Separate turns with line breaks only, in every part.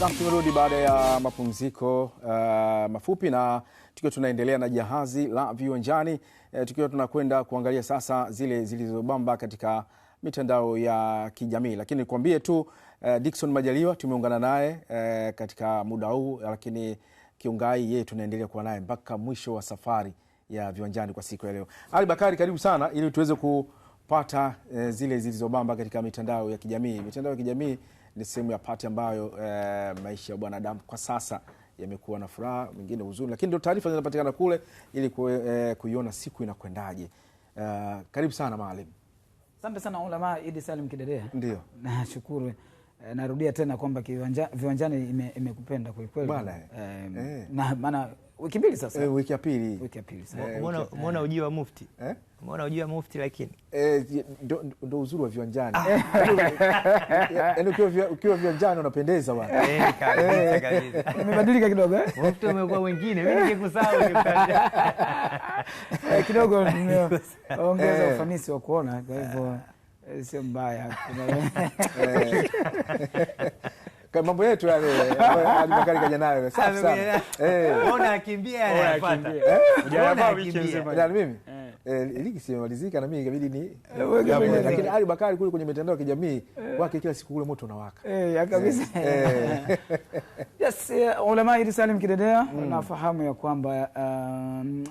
Nam, tumerudi baada ya mapumziko uh, mafupi na tukiwa tunaendelea na jahazi la viwanjani uh, tukiwa tunakwenda kuangalia sasa zile zilizobamba katika mitandao ya kijamii, lakini nikwambie tu uh, eh, dikson Majaliwa tumeungana naye uh, katika muda huu, lakini kiungai yeye tunaendelea kuwa naye mpaka mwisho wa safari ya viwanjani kwa siku ya leo. Ali Bakari, karibu sana ili tuweze kupata uh, zile zilizobamba katika mitandao ya kijamii. Mitandao ya kijamii ni sehemu ya pati ambayo eh, maisha ya bwanadamu kwa sasa yamekuwa na furaha, mwingine huzuni, lakini ndio taarifa zinapatikana kule ili eh, kuiona siku inakwendaje. Uh, karibu sana Maalim.
Asante sana Ulama Idi Salim Kidedea. Ndio nashukuru. Eh, narudia tena kwamba viwanjani imekupenda kwelikweli, maana wiki mbili sasa, eh, wiki ya pili, wiki ya pili sasa.
Eh, umeona umeona eh. ujio wa mufti eh? Umeona ujio wa mufti lakini
eh, ndio uzuri wa viwanjani. Ah. Yaani ukiwa ukiwa viwanjani unapendeza
bwana. Eh, kabisa kabisa. Eh.
Umebadilika kidogo eh?
Mufti umekuwa wengine, mimi nikikusahau nikutaja.
Eh, kidogo ongeza ufanisi wa kuona, kwa hivyo sio mbaya
mambo yetu yale Abubakari kaja nayo safi sana.
Eh. Ona akimbia anafuata.
Ujamaa wiki nzima. Na mimi eh, ligi simalizika na mimi ikabidi ni eh, yaani lakini Ali Bakari kule kwenye mitandao ya kijamii eh. wake kila siku kule moto unawaka. Eh, kabisa.
Yes, ulama Idi Salim Kidedea mm. nafahamu ya kwamba um,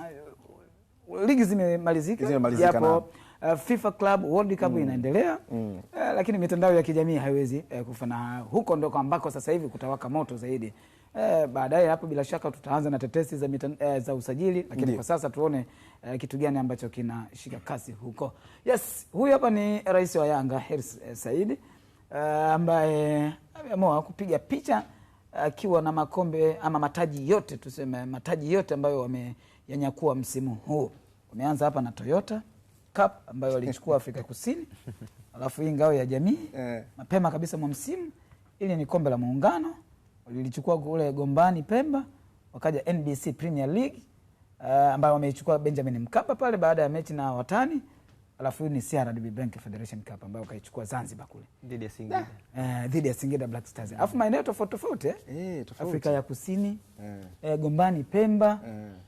ligi zimemalizika japo Uh, FIFA Club World Cup mm. inaendelea mm. Uh, lakini mitandao ya kijamii haiwezi uh, kufana huko ndoko ambako sasa hivi kutawaka moto zaidi. Uh, baadaye hapo bila shaka tutaanza na tetesi za, mitan, uh, za usajili lakini kwa sasa tuone uh, kitu gani ambacho kinashika kasi huko. Yes, huyu hapa ni rais wa Yanga Hersi uh, Said uh, ambaye ameamua kupiga picha uh, akiwa uh, na makombe ama mataji yote tuseme, mataji yote ambayo wameyanyakua msimu huu. umeanza hapa na Toyota Cup ambayo walichukua Afrika Kusini, alafu hii ngao ya jamii yeah. Mapema kabisa mwa msimu, ili ni kombe la muungano walilichukua kule Gombani Pemba, wakaja NBC Premier League uh, ambayo wameichukua Benjamin Mkapa pale baada ya mechi na watani alafu hii ni CRDB Bank Federation Cup ambayo kaichukua Zanzibar kule dhidi ya Singida eh, eh, dhidi ya Singida Black Stars alafu mm. maeneo tofauti tofauti eh? E, tofauti Afrika ya Kusini e. E, Gombani Pemba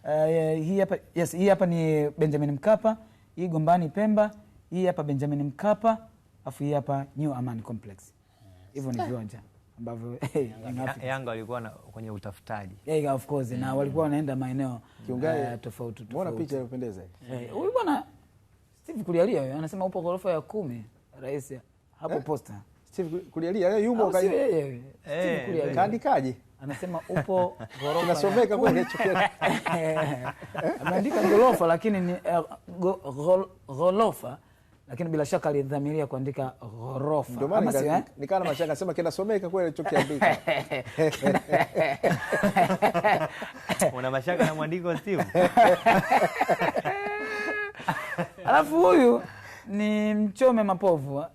e. E, hii hapa yes, hii hapa ni Benjamin Mkapa hii Gombani Pemba, hii hapa Benjamin Mkapa, afu hii hapa New Aman Complex. Hivyo ni viwanja ambavyo
Yanga walikuwa kwenye utafutaji.
Yeah, of course, na mm. walikuwa wanaenda maeneo
eh, tofauti tofauti. Picha inapendeza.
Eh, huyu bwana Steve Kulialia huyo anasema upo ghorofa ya kumi rais hapo eh? posta.
Steve Kulialia yumo kaandikaje?
anasema upo ghorofa ameandika gorofa lakini ni eh, ghorofa lakini bila shaka alidhamiria kuandika ghorofa. Ndio maana eh?
nikaa na mashaka, sema kinasomeka kweli alichokiandika.
Una mashaka na mwandiko Steve?
Alafu huyu ni mchome mapovu,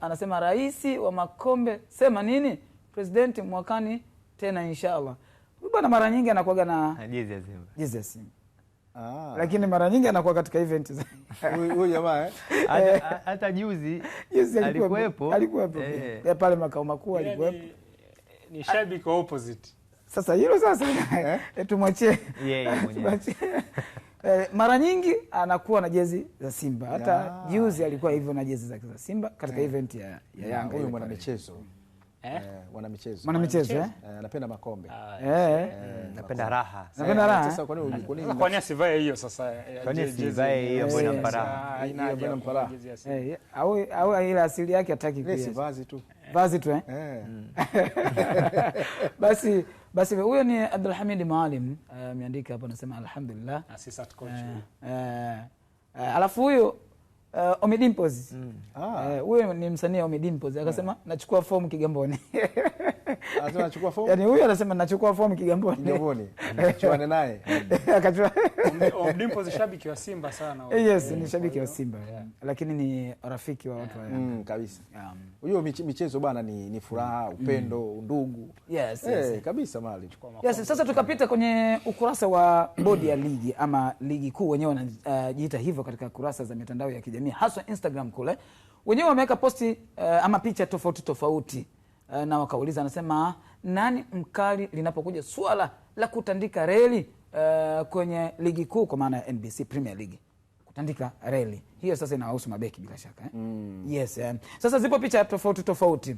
anasema rais wa makombe sema nini, presidenti mwakani tena inshallah. Huyu bwana mara nyingi anakuaga na ah, jezi ya Simba, jezi ya Simba. Ah. Lakini mara nyingi anakuwa katika event za
huyu jamaa
eh. Hata eh. juzi juzi alikuwepo alikuwepo eh,
pale makao makuu yaani alikuwepo.
Ni shabiki wa opposite.
Sasa hilo sasa eh? eh tumwachie yeye mwenyewe. Eh, mara nyingi anakuwa na jezi za Simba. Hata juzi alikuwa hivyo na jezi zake za Simba katika event ya Yanga, huyo mwana michezo. Eh? eh? Wanamichezo. mwanamichezo eh? Anapenda eh, makombe ah, eh, eh
napenda raha napenda raha. Sasa Kwa nini kwa Kwa
nini? nini asivae hiyo sasa?
Kwa nini asivae hiyo bwana mpara ah, ina bwana mpara eh,
au au ile asili yake hataki pia, Ni vazi tu vazi tu eh, basi basi huyo ni Abdul Hamid Maalim ameandika hapo, anasema alhamdulillah
assistant coach eh,
alafu huyo Omidimpoz huyo mm. ah. eh, ni msanii Omidimpoz akasema yeah. nachukua fomu Kigamboni
Anasema anachukua fomu.
Yaani huyu anasema nachukua fomu Kigamboni. Kigamboni. Chuane naye.
Akachua. Omdimpo ni shabiki wa Simba sana.
Yes, ni shabiki wa Simba. Lakini ni rafiki wa watu wa
Mm, Kabisa. Hiyo michezo bana ni ni furaha, mm. upendo, undugu.
Eh, yes, yes.
Kabisa mali.
Yes, sasa tukapita kwenye ukurasa wa bodi ya ligi ama ligi kuu wenyewe wanajiita hivyo katika kurasa za mitandao ya kijamii haswa Instagram kule. Wenyewe wameweka posti eh, ama picha tofauti tofauti Eh, na wakauliza, anasema nani mkali linapokuja swala la kutandika reli uh, kwenye ligi kuu kwa maana ya NBC Premier League kutandika reli hiyo, sasa inawahusu mabeki bila shaka eh? Mm. Yes, um, sasa zipo picha tofauti tofauti,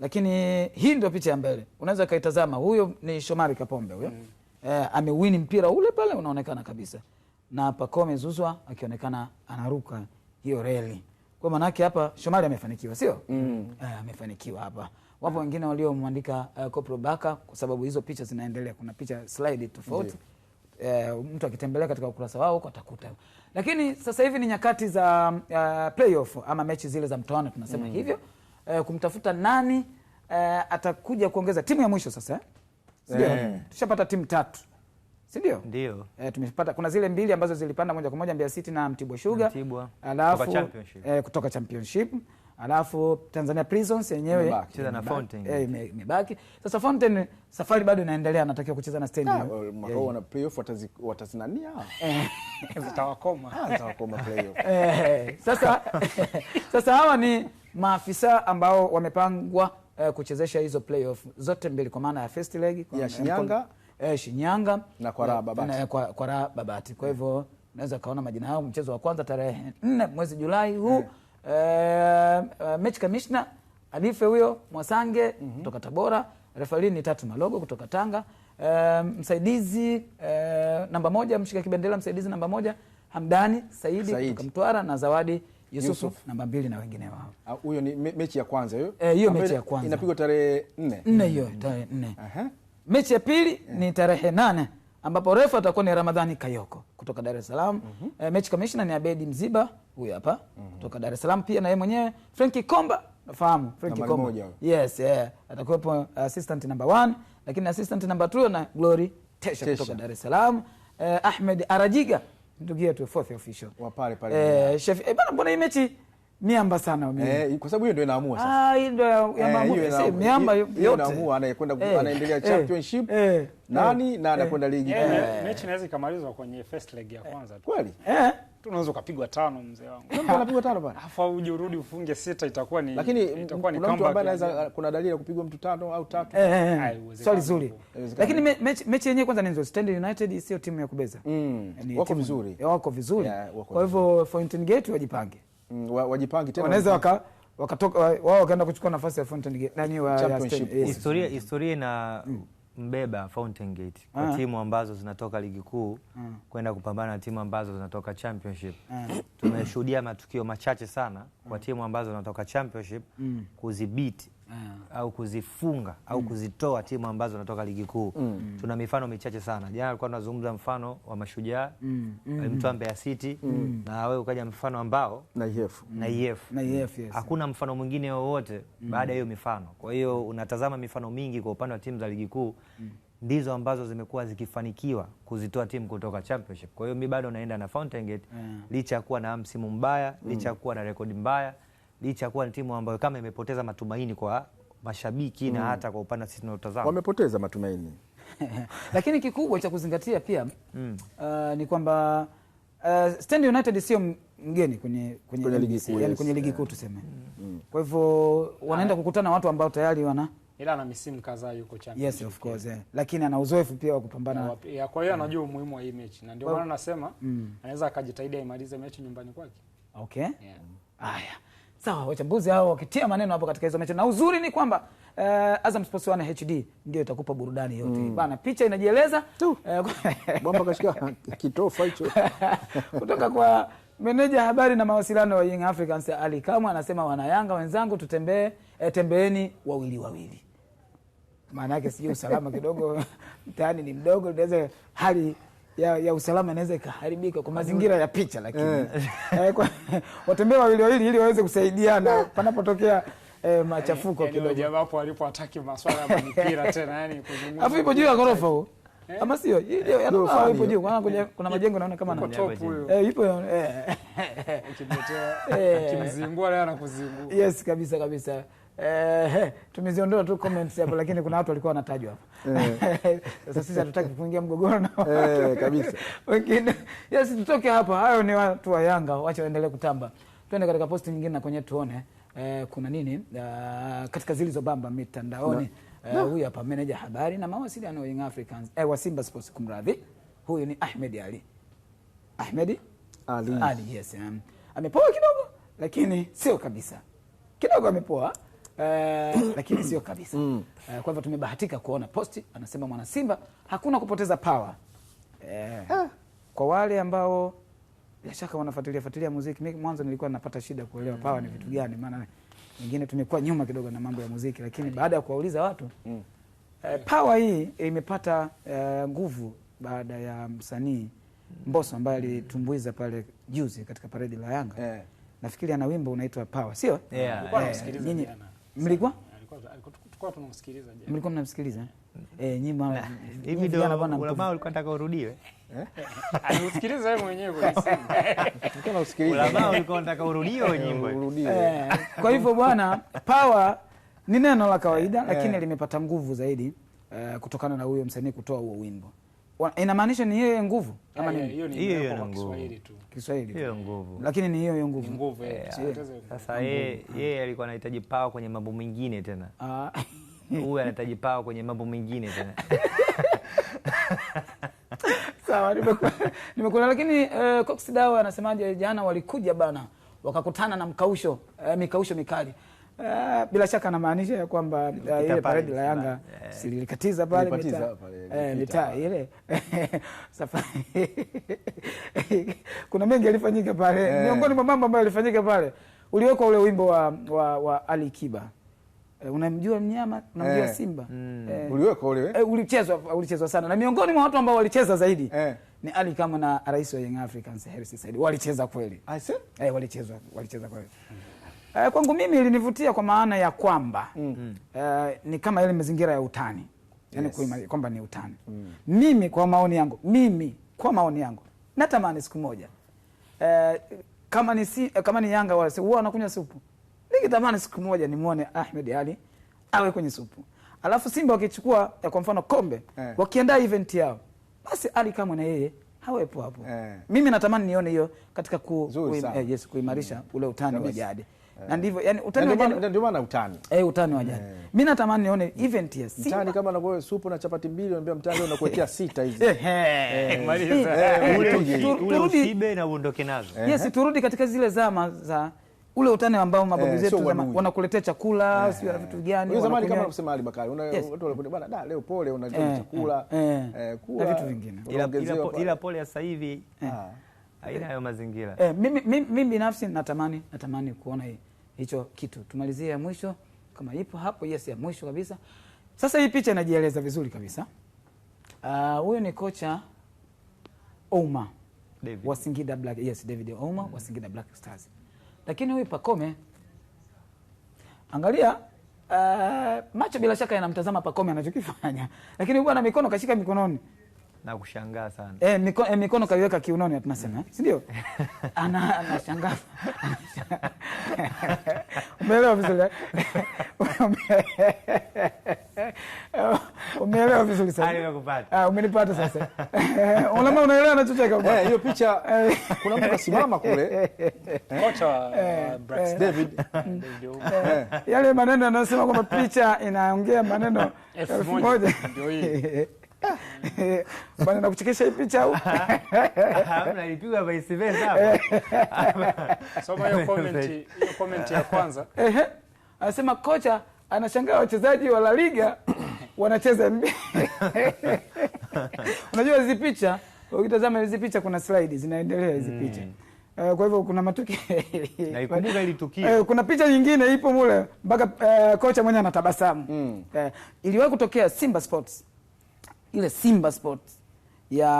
lakini hii ndio picha ya mbele, unaweza ukaitazama. Huyo ni Shomari Kapombe huyo mm. Eh, amewini mpira ule pale unaonekana kabisa, na Pacome Zuzwa akionekana anaruka hiyo reli. Kwa maana hapa Shomari amefanikiwa, sio? mm. Eh, amefanikiwa hapa wapo wengine waliomwandika uh, eh, Koplo Baka kwa sababu hizo picha zinaendelea, kuna picha slide tofauti uh, mtu akitembelea katika ukurasa wao huko atakuta. Lakini sasa hivi ni nyakati za uh, playoff ama mechi zile za mtoano tunasema mm. hivyo uh, kumtafuta nani uh, atakuja kuongeza timu ya mwisho sasa eh? Yeah. Tushapata timu tatu sindio ndio? E, tumepata kuna zile mbili ambazo zilipanda moja kwa moja Mbeya City na Mtibwa Sugar. Mtibwa. Alafu kutoka championship. E, kutoka championship alafu Tanzania Prisons yenyewe
cheza na Fountain eh, imebaki.
Sasa Fountain safari bado inaendelea, anatakiwa kucheza na Stand
ah, mwaka huu, wana playoff watazinania,
eh. ah, zitawakoma
zitawakoma playoff. Eh,
sasa sasa hawa ni maafisa ambao wamepangwa uh, kuchezesha hizo playoff zote mbili kwa maana ya first leg
kwa ya Shinyanga eh, Shinyanga na kwa Raha Babati na, kwa, kwa Raha Babati. Kwa hivyo yeah.
Naweza kaona majina yao, mchezo wa kwanza tarehe 4 mwezi Julai huu yeah uh, mechi kamishna Alife huyo Mwasange mm -hmm. kutoka Tabora, refari ni Tatu Malogo kutoka Tanga, uh, msaidizi uh, namba moja mshika kibendera msaidizi namba moja Hamdani Saidi, Saidi kutoka Mtwara na Zawadi Yusuf, Yusuf namba mbili na wengine wao.
Ah, huyo ni mechi ya kwanza hiyo. Eh, hiyo mechi ya kwanza. Inapigwa tarehe 4.
4 hiyo tarehe 4. Aha. Mechi ya pili yeah. ni tarehe nane ambapo refa atakuwa ni Ramadhani Kayoko kutoka Dar es Salaam. mm -hmm. E, mechi commissioner ni Abedi Mziba huyu hapa mm -hmm. kutoka Dar es Salaam pia na yeye mwenyewe Frenki Komba nafahamu Frenki Komba. Yes, yeah. Atakuwepo assistant number 1 lakini assistant number 2 na Glory Tesha, Tesha. kutoka Dar es Salaam eh, Ahmed Arajiga ndugu yetu fourth official wa pale pale eh, chef eh, bana, mbona hii mechi miamba sana mimi eh,
kwa sababu hiyo ndio inaamua
sasa. Ah, hiyo ndio eh, inaamua eh, miamba yote
inaamua, anayekwenda eh, anaendelea eh, championship eh, eh. nani eh, na anakwenda ligi eh, eh.
Mechi inaweza ikamalizwa kwenye first leg ya eh. kwanza eh,
kweli eh
tu unaweza ukapigwa tano mzee wangu.
Kama anapigwa tano bwana
Afa uje urudi ufunge sita itakuwa ni
lakini itakuwa ni kama mtu ambaye anaweza kuna dalili ya kupigwa mtu tano au tatu.
Eh, eh, ah, swali zuri. Lakini mechi mechi yenyewe kwanza ni nzuri. Stand United sio timu ya kubeza. Mm. Wako vizuri. Wako vizuri. Kwa hivyo Fountain Gate wajipange mm, waka wakatoka wao wakaenda kuchukua nafasi ya Fountain Gate nani wa
Historia mm. historia ina mm. mbeba Fountain Gate kwa ah. timu ambazo zinatoka ligi kuu mm. kwenda kupambana na timu ambazo zinatoka Championship ah. tumeshuhudia matukio machache sana kwa timu ambazo zinatoka Championship mm. kuzibiti yeah. au kuzifunga au mm, kuzitoa timu ambazo zinatoka ligi kuu mm. Tuna mifano michache sana. Jana alikuwa tunazungumza mfano wa Mashujaa mm, alimtoa mm. eh, Mbeya City mm, na wewe ukaja mfano ambao
na IF mm.
na IF na IF, yes. Hakuna mfano mwingine wowote mm, baada ya hiyo mifano. Kwa hiyo unatazama mifano mingi kwa upande wa timu za ligi kuu mm ndizo ambazo zimekuwa zikifanikiwa kuzitoa timu kutoka championship. Kwa hiyo mi bado naenda na Fountain Gate yeah. Licha ya kuwa na msimu mbaya, licha ya kuwa na rekodi mbaya licha ya kuwa ni timu ambayo kama imepoteza matumaini kwa mashabiki mm. na hata kwa upande sisi tunaotazama
wamepoteza matumaini
lakini kikubwa cha kuzingatia pia mm. uh, ni kwamba uh, Stand United sio mgeni kwenye, kwenye, kwenye ligi kuu yani kwenye ligi kuu tuseme mm. mm. kwa hivyo wanaenda ah. kukutana watu ambao tayari wana
ila ana misimu kadhaa yuko
championship. Yes, of course. Yeah. Lakini ana uzoefu pia wa kupambana.
Yeah, kwa hiyo anajua mm. umuhimu wa hii mechi na ndio maana well, nasema mm. anaweza akajitahidi aimalize mechi nyumbani kwake.
Okay. Yeah. Mm. Aya. Ah, Sawa, wachambuzi hao wakitia maneno hapo katika hizo mechi, na uzuri ni kwamba uh, Azam Sports wana HD ndio itakupa burudani yote mm. Bana, picha inajieleza
eh, bomba kashika kitofa hicho
kutoka kwa meneja habari na mawasiliano wa Young Africans Ali Kamwe anasema, wanayanga wenzangu, tutembee eh, tembeeni wawili wawili. Maana yake sijui usalama kidogo mtaani ni mdogo, tunaweza hali ya, ya usalama inaweza ikaharibika kwa mazingira ya picha, lakini eh, eh watembea wawili wawili ili waweze kusaidiana panapotokea eh, yaani, machafuko yaani
kidogo. Jamaa hapo alipotaki masuala ya mpira tena, yani kuzungumza.
Afu ipo juu ya ghorofa huo. Eh? Ama sio? Eh, ipo juu. kwa Kuna kuna, majengo naona kama na. Eh, ipo. Eh.
Kimzingua leo na kuzingua.
Yes, kabisa kabisa. Eh, tumeziondoa tu comments hapo lakini kuna watu walikuwa wanatajwa hapa. Eh. Sasa sisi hatutaki kufungia mgogoro na watu.
eh, kabisa.
Wengine yes, tutoke hapa. Hayo ni watu wa Yanga, wacha waendelee kutamba. Twende katika posti nyingine na kwenye tuone eh, kuna nini uh, katika zilizobamba mitandaoni. Eh, huyu uh, hapa meneja habari na mawasiliano wa Young Africans eh, wa Simba Sports, kumradhi. Huyu ni Ahmed Ali. Ahmed
Ali. Ali, yes. Um,
amepoa kidogo lakini sio kabisa. Kidogo amepoa. Eh, lakini sio kabisa mm. Eh, kwa hivyo tumebahatika kuona posti anasema mwana Simba hakuna kupoteza power eh, ah. Kwa wale ambao bila shaka wanafuatilia fuatilia muziki, mimi mwanzo nilikuwa napata shida kuelewa mm. power ni vitu gani, maana wengine tumekuwa nyuma kidogo na mambo ya muziki, lakini baada ya kuwauliza watu mm. eh, power hii imepata eh, nguvu baada ya msanii Mbosso ambaye alitumbuiza pale juzi katika paredi la Yanga yeah. Nafikiri ana wimbo unaitwa Power, sio?
Yeah, eh, yeah. yeah.
Mlikuwa mlikuwa mnamsikiliza mm. eh,
hivi? ulikuwa urudiwe, eh?
ulikuwa urudiwe
eh, Kwa hivyo bwana, Pawa ni neno la kawaida lakini limepata nguvu zaidi uh, kutokana na huyo msanii kutoa huo wimbo inamaanisha ni hiyo nguvu
ama ni hiyo hiyo nguvu Kiswahili hiyo nguvu,
lakini ni hiyo hiyo nguvu.
Sasa yeye alikuwa anahitaji pawa kwenye mambo mengine tena, ah. huyu anahitaji pawa kwenye mambo mengine tena.
Sawa, nimekula. Lakini eh, Cox Dawa anasemaje? Jana walikuja bana, wakakutana na mkausho, eh, mikausho mikali Eh, bila shaka anamaanisha ya kwamba uh, ile paredi la Yanga yeah, sililikatiza pale mitaa eh, ile safari kuna mengi yalifanyika pale yeah. Miongoni mwa mambo ambayo yalifanyika pale uliwekwa ule wimbo wa, wa, wa Ali Kiba eh, unamjua mnyama unamjua Simba mm. eh, ule eh, ulichezwa ulichezwa sana na miongoni mwa watu ambao walicheza zaidi eh, ni Ali kama na rais wa Young Africans Hersi Said walicheza kweli. I said eh, walicheza walicheza kweli. Mm. Uh, kwangu mimi ilinivutia kwa maana ya kwamba mm uh, ni kama ile mazingira ya utani yani yes. kwamba ni utani mm. Mimi kwa maoni yangu, mimi kwa maoni yangu natamani siku moja uh, kama ni si, kama ni Yanga wala si huwa wanakunywa supu, nikitamani siku moja nimwone Ahmed Ali awe kwenye supu, alafu Simba wakichukua kwa mfano kombe eh. wakiandaa event yao, basi Ali Kamwe na yeye hawepo hapo eh. Mimi natamani nione hiyo katika ku, ku, eh, yes, kuimarisha mm. ule utani wa jadi.
Eh. na ndivyo yani utani wa jani ndio maana utani
eh, utani wa jadi. Eh. Mimi natamani nione event ya Simba
utani kama anakuwa supu na chapati mbili, anambia mtani nakuwekea sita hizi
eh. turudi na uondoke nazo.
Yes, turudi katika zile zama za ule utani ambao mababu zetu wanakuletea chakula, sio na vitu gani
zamani, kama unasema Ali Bakari, watu wale bana da, leo pole, unajua chakula
na vitu vingine, ila pole sasa hivi ah aina ya mazingira
eh, mimi, mimi, mimi binafsi natamani natamani kuona hicho kitu. Tumalizie ya mwisho kama ipo hapo, yes, ya mwisho kabisa. Sasa hii picha inajieleza vizuri kabisa. Ah, huyu uh, ni kocha Ouma David wa Singida Black, yes, David Ouma hmm, wa Singida Black Stars, lakini huyu pakome angalia Uh, macho bila shaka yanamtazama pakome anachokifanya, lakini huwa na mikono kashika mikononi
na kushangaa sana eh, miko, eh, mikono kaiweka kiunoni tunasema mm. Eh,
sindio ana anashangaa umeelewa vizuri eh? umeelewa vizuri sana, ah, umenipata sasa. Eh, Ulama unaelewa anachocheka
hiyo picha. Kuna mtu kasimama kule,
kocha Brax David,
yale maneno anasema kwamba picha inaongea maneno
elfu moja ndio hii
Bwana eh, nakuchekesha hii picha au?
Mnalipiga by versa hapa. Soma hiyo comment, hiyo comment ya kwanza. Ehe. Anasema kocha anashangaa wachezaji wa La Liga wanacheza NBA. Unajua hizi picha, ukitazama hizi picha kuna slide zinaendelea hizi picha. Uh, kwa hivyo kuna matuki naikumbuka ile tukio. Uh, kuna picha nyingine ipo mule mpaka uh, kocha mwenyewe anatabasamu. Mm. Uh, iliwahi kutokea Simba Sports ile Simba sport ya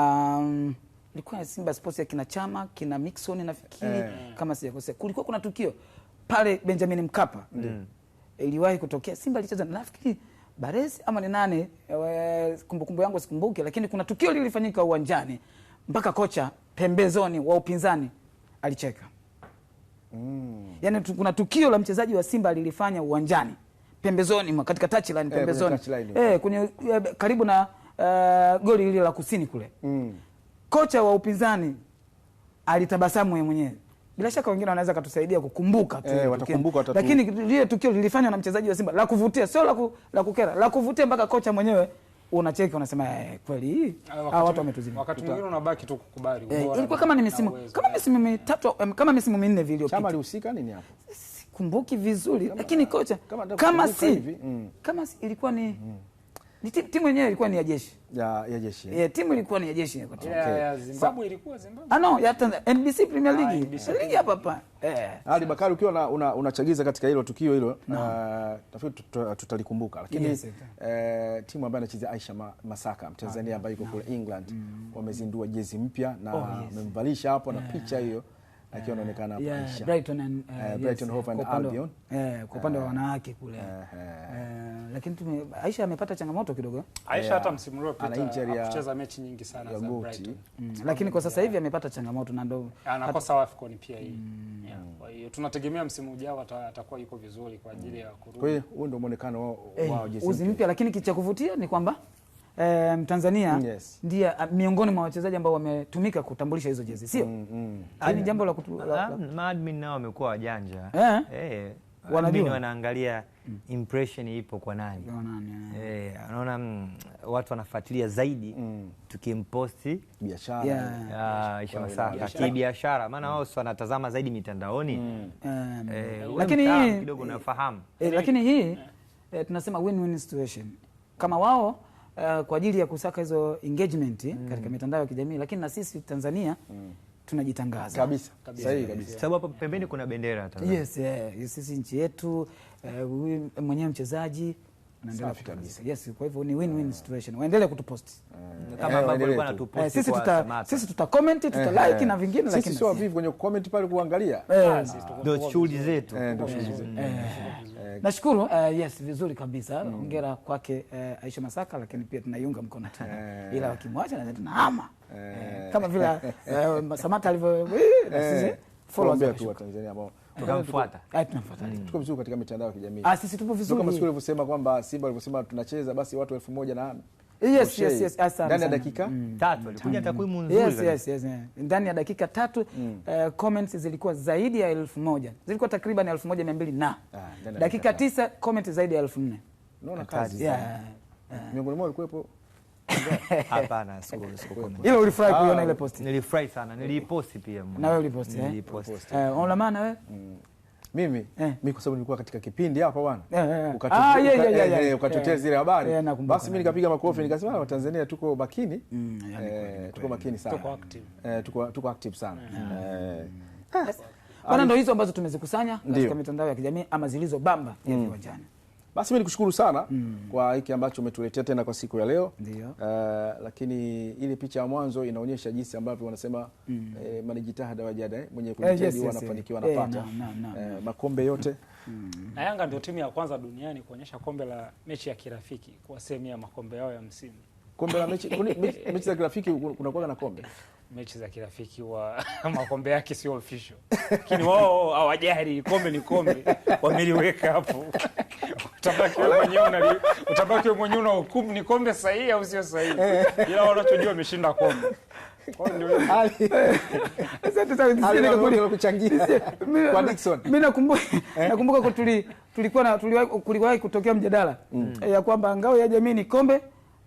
mm, ilikuwa ya Simba Sports ya kina Chama kina Mixon nafikiri eh, kama sijakosea, kulikuwa kuna tukio pale Benjamin Mkapa mm, eh, iliwahi kutokea Simba ilicheza nafikiri Baresi ama ni nane, eh, kumbukumbu kumbu yangu sikumbuki, lakini kuna tukio lilifanyika uwanjani mpaka kocha pembezoni wa upinzani alicheka. Mm. Yaani kuna tukio la mchezaji wa Simba lilifanya uwanjani pembezoni katika touchline pembezoni eh, kwenye, touchline. Eh, kwenye eh, karibu na Eh, goli lile la kusini kule mm. kocha wa upinzani alitabasamu yeye mwenyewe. Bila shaka wengine wanaweza katusaidia kukumbuka tu, e, watakumbuka, watatu. lakini lile tukio lilifanywa na mchezaji wa Simba la kuvutia, sio la, ku, la kukera, la kuvutia mpaka kocha mwenyewe unacheki unasema eh, kweli ah, hawa watu wametuzima. Wakati mwingine unabaki tu kukubali e, Ilikuwa kama ni misimu kama misimu mitatu kama misimu minne vile
iliyopita. Chama alihusika nini hapo?
Sikumbuki vizuri, kama, lakini kocha kama kama si mm. kama si ilikuwa ni mm. Ni timu timu yenyewe ilikuwa ni ya jeshi.
Ya ya jeshi.
Eh? Yeah, timu ilikuwa ni ya jeshi ya kwetu. okay. Ya Zimbabwe ilikuwa Zimbabwe. Ah no, ya Tanzania NBC Premier League. Ah, NBC. ligi hapa hapa. Eh.
Ali Bakari ukiwa na una, unachagiza katika hilo tukio hilo no. Uh, nafikiri tutalikumbuka lakini yes, uh, timu ambayo anachezea Aisha Masaka Mtanzania ambaye ah, yuko no. kule England mm. Wamezindua jezi mpya na wamemvalisha oh, yes. hapo yeah. na picha hiyo akiwa anaonekana
uh, eh, kwa upande wa eh, eh. wanawake kule lakini tume, Aisha amepata changamoto kidogo. Aisha hata msimu mechi nyingi sana za Brighton mm, lakini kwa sasa hivi amepata changamoto na ndio anakosa AFCON pia hii mm. Kwa hiyo tunategemea msimu ujao atakuwa yuko vizuri kwa ajili ya mm. kurudi.
Kwa hiyo huo ndio muonekano wao
wa mpya, lakini kicha kuvutia ni kwamba e, Mtanzania yes. ndiye ah, miongoni mwa wachezaji ambao wametumika kutambulisha hizo jezi, sio mm, mm. Ni jambo la kutu, la, la. Maadmin nao wamekuwa wajanja eh? Eh, wanajua wanaangalia mm. impression ipo kwa nani, eh? Eh, anaona mm, watu wanafuatilia zaidi mm. tukimposti
biashara
ah, Isha kibiashara, maana mm. wao si wanatazama zaidi mitandaoni mm. um, lakini hii kidogo unafahamu eh, lakini hii eh, tunasema win-win situation kama wao uh, kwa ajili ya kusaka hizo engagement eh, mm. katika mitandao ya kijamii, lakini na sisi Tanzania mm. tunajitangaza kabisa kabisa, sahihi kabisa, sababu hapa pembeni kuna bendera hata yes, yeah. sisi nchi yetu uh, mwenyewe mchezaji Yes, kwa hivyo ni win-win yeah. situation. Waendelee kutupost. Yeah. Kama eh, ambavyo walikuwa wanatupost. Eh, sisi tuta sisi tuta comment, tuta eh, like eh. na vingine sisi
lakini sio wavivu kwenye comment pale kuangalia. Ah, ah.
Ndio shughuli zetu. Ndio shughuli zetu. Nashukuru, yes, vizuri kabisa. Mm. Hongera mm. kwake uh, Aisha Masaka lakini pia tunaiunga mkono tena. Ila wakimwacha na tunahama. Kama vile Samata alivyo
follow tu wa Tanzania ambao
tukamfuata mm.
tuko vizuri katika mitandao ya kijamii
ah, sisi tupo vizuri
kama siku ulivyosema kwamba Simba walivyosema tunacheza basi watu elfu moja na
Yes, mm. yes, yes,
ndani ya dakika tatu
alikuja takwimu nzuri yes, yes, yes, ndani ya dakika tatu comments zilikuwa zaidi ya elfu moja zilikuwa takriban elfu moja mia mbili na ah, dakika tisa comments zaidi ya elfu nne kazi Hapana, sikuona sikuona. Ile ulifurahi kuiona ah, ile post? Nilifurahi sana. Niliiposti pia Na wewe uliposti eh? Niliposti. Eh, una maana wewe? Mm.
Mimi eh, mimi kwa sababu nilikuwa katika kipindi hapa bwana. Eh, eh, eh. Ukachotea ah, zile habari. Basi mimi nikapiga makofi mm, nikasema wa Tanzania tuko makini. mm, yani eh, Tuko makini sana. Tuko active. eh, Tuko tuko active sana. Mm.
Bwana, ah. ndio hizo ambazo tumezikusanya katika mitandao ya kijamii ama zilizo bamba ya mm. viwanjani.
Basi mimi nikushukuru sana mm. kwa hiki ambacho umetuletea tena kwa siku ya leo uh, lakini ile picha ya mwanzo inaonyesha jinsi ambavyo wanasema mm. eh, manijitahada wajada eh, mwenye kujitahidi eh, yes, yes, wanafanikiwa wanapata eh, na, na, na, eh, makombe yote
mm. na Yanga ndio timu ya kwanza duniani kuonyesha kombe la mechi ya kirafiki kwa sehemu ya makombe yao ya msimu.
Kombe la mechi, kuni, mechi mechi za kirafiki kunakuwa na kombe
mechi za kirafiki wa makombe yake sio official, lakini wao hawajali kombe ni kombe, wameliweka hapo utabaki wewe mwenyewe una utabaki wewe mwenyewe una hukumu ni kombe sahihi au sio sahihi, eh. ila wanachojua wameshinda kombe. Mimi eh. nakumbuka tulikuwa kutokea mjadala mm. Eh, ya kwamba ngao ya jamii ni kombe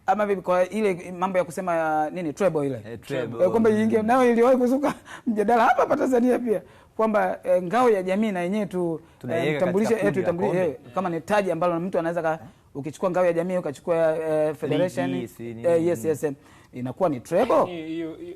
ama vipi kwa ile mambo ya kusema nini treble ile. treble. Kombe nyingine nayo iliwahi kuzuka mjadala hapa hapa Tanzania pia kwamba eh, ngao ya jamii na yenyewe tu tutambulishe e, eh, eh, kama ni taji ambalo mtu anaweza ukichukua ngao ya jamii ukachukua eh, federation e, yes yes, yes. Eh inakuwa ni treble.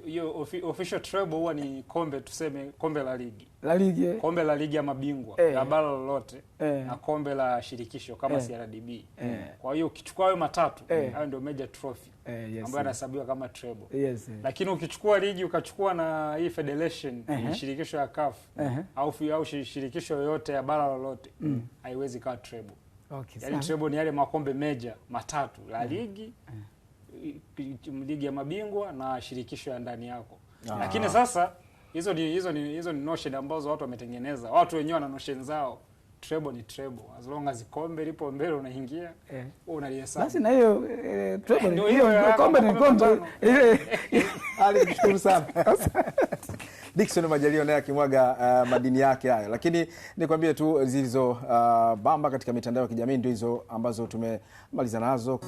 Hiyo official treble huwa ni kombe, tuseme kombe la ligi la ligi eh, kombe la ligi ya mabingwa eh, la bara lolote eh, na kombe la shirikisho kama eh, CRDB eh. Kwa hiyo ukichukua hayo matatu eh, hayo ndio major trophy eh, yes, ambayo yanahesabiwa kama treble yes, eh. Lakini ukichukua ligi ukachukua na hii federation uh eh. -huh. shirikisho ya CAF uh eh. -huh. au au shirikisho yoyote ya bara lolote mm. haiwezi kawa treble. Okay, yaani treble ni yale makombe meja matatu la eh. ligi uh -huh ligi ya mabingwa na shirikisho ya ndani yako. Ah. Lakini sasa hizo ni hizo ni hizo ni notion ambazo watu wametengeneza. Watu wenyewe wana notion zao. Treble ni treble. As long as kombe lipo mbele unaingia, eh, unalihesabu. Basi na hiyo eh, treble ndio hiyo kombe ni kombe.
Ile Ali, alimshukuru sana. Dickson Majalio naye akimwaga uh, madini yake hayo, lakini nikwambie tu zilizo uh, bamba katika mitandao ya kijamii ndio hizo ambazo tumemaliza nazo.